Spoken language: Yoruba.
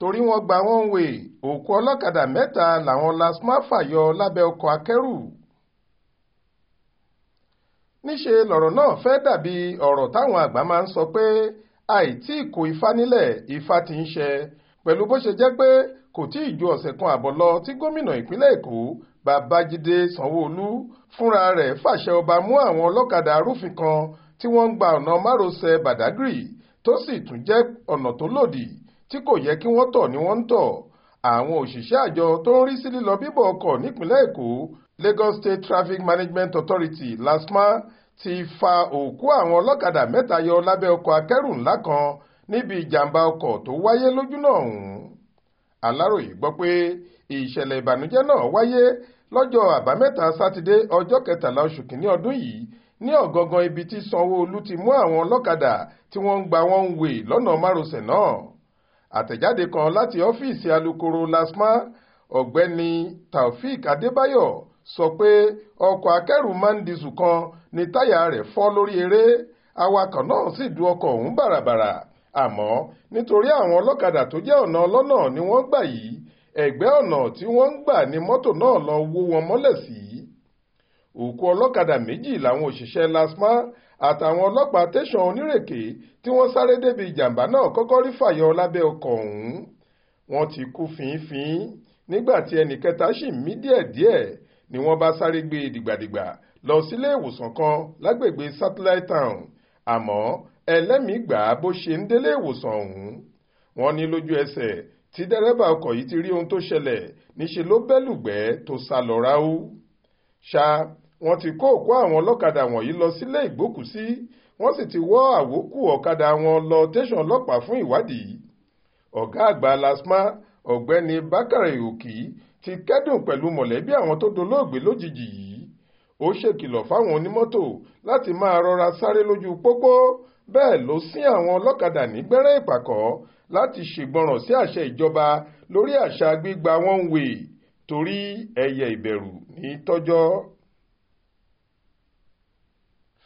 torí wọ́n gba one way òkú ọlọ́kadà mẹ́ta làwọn lasma fàyọ lábẹ́ ọkọ̀ akẹ́rù níṣe lọ̀rọ̀ náà fẹ́ dàbí ọ̀rọ̀ táwọn àgbà máa ń sọ pé àìtí kò ifá nílẹ̀ ifá ti ń ṣe pẹ̀lú bó ṣe jẹ́ pé kò tí ì ju ọ̀sẹ̀ kan àbọ̀ lọ tí gómìnà ìpínlẹ̀ èkó babájídé sanwóolu fúnra rẹ̀ fàṣẹ ọba mú àwọn ọlọ́kadà arúfin kan tí wọ́n ń gba ọ̀nà márosẹ̀ badagry tó sì tún jẹ́ ọ̀nà tó lòdì tí kò yẹ kí wọ́n tọ̀ ni wọ́n ń tọ̀ àwọn òṣìṣẹ́ àjọ tó ń rí sí lílọ bíbọ̀ ọkọ̀ nípínlẹ̀ Èkó Lagos State Traffic Management Authority LASTMA ti fa òkú àwọn ọlọ́kadà mẹ́ta yọ lábẹ́ ọkọ̀ akẹ́rù ńlá kan níbi ìjàmbá ọkọ̀ tó wáyé lójúnà ọ̀hún Aláròyé gbọ́ pé ìṣẹ̀lẹ̀ ìbànújẹ́ náà wáyé lọ́jọ́ àbámẹ́ta sátidé ọjọ́ kẹtàlá oṣù kìíní ọdún yìí ní ọ̀gangan ibi tí Sanwó-Olú ti mú àwọn ọlọ́kadà tí wọ́n ń gba wọ́n ń wè lọ́nà márosẹ̀ náà àtẹ̀jáde kan láti ọ́fíìsì alukoro lasma ọ̀gbẹ́ni taofik adébáyọ̀ sọ pé ọkọ̀ akẹ́rù mandisu kan ní táyà rẹ̀ fọ́ lórí eré awakọ̀ náà sì du ọkọ̀ ọ̀hún bàràbàrà àmọ́ nítorí àwọn ọlọ́kadà tó jẹ́ ọ̀nà ọlọ́nà ni wọ́n gbà yìí ẹ̀gbẹ́ ọ̀nà tí wọ́n ń gbà ni mọ́tò náà lọ wó wọn mọ́lẹ̀ sí òkú ọlọ́kadà méjì làwọn òṣìṣẹ́ lasma àtàwọn ọlọ́pàá tẹ̀sán onírèké tí wọ́n sáré débi ìjàmbá náà kọ́kọ́ rí fàyọ lábẹ́ ọkọ̀ ọ̀hún wọ́n ti kú fínfín nígbà tí ẹnì kẹta ṣì mí díẹ̀díẹ̀ ni wọ́n bá sáré gbé e dìgbàdìgbà lọ sílé ìwòsàn kan lágbègbè satellite town àmọ́ ẹlẹ́mìí gbà bó ṣe ń délé ìwòsàn ọ̀hún wọ́n ní lójú ẹsẹ̀ tí dẹ́rẹ́bà ọkọ̀ yìí ti rí ohun tó ṣẹlẹ̀ níṣe ló bẹ́lùgbẹ́ tó sá lọ ráú ṣá wọ́n ti kó òkú àwọn ọlọ́kadà wọ̀nyí lọ sílé ìgbókùsí wọ́n sì ti wọ́ àwókù ọ̀kadà wọn lọ tẹ̀sán ọlọ́pàá fún ìwádìí ọ̀gá àgbà lasma ọ̀gbẹ́ni bákàrẹ̀ òkì ti kẹ́dùn pẹ̀lú mọ̀lẹ́bí àwọn tó dolóògbé lójijì yìí ó ṣèkìlọ̀ fáwọn onímọ́tò láti máa rọra sáré lójú pópó bẹ́ẹ̀ ló sín àwọn ọlọ́kadà ní ìpàkọ́ láti ṣègbọràn sí àṣẹ ìjọba lórí àṣà gbígba one way torí ẹyẹ ìbẹ̀rù ní tọ́jọ́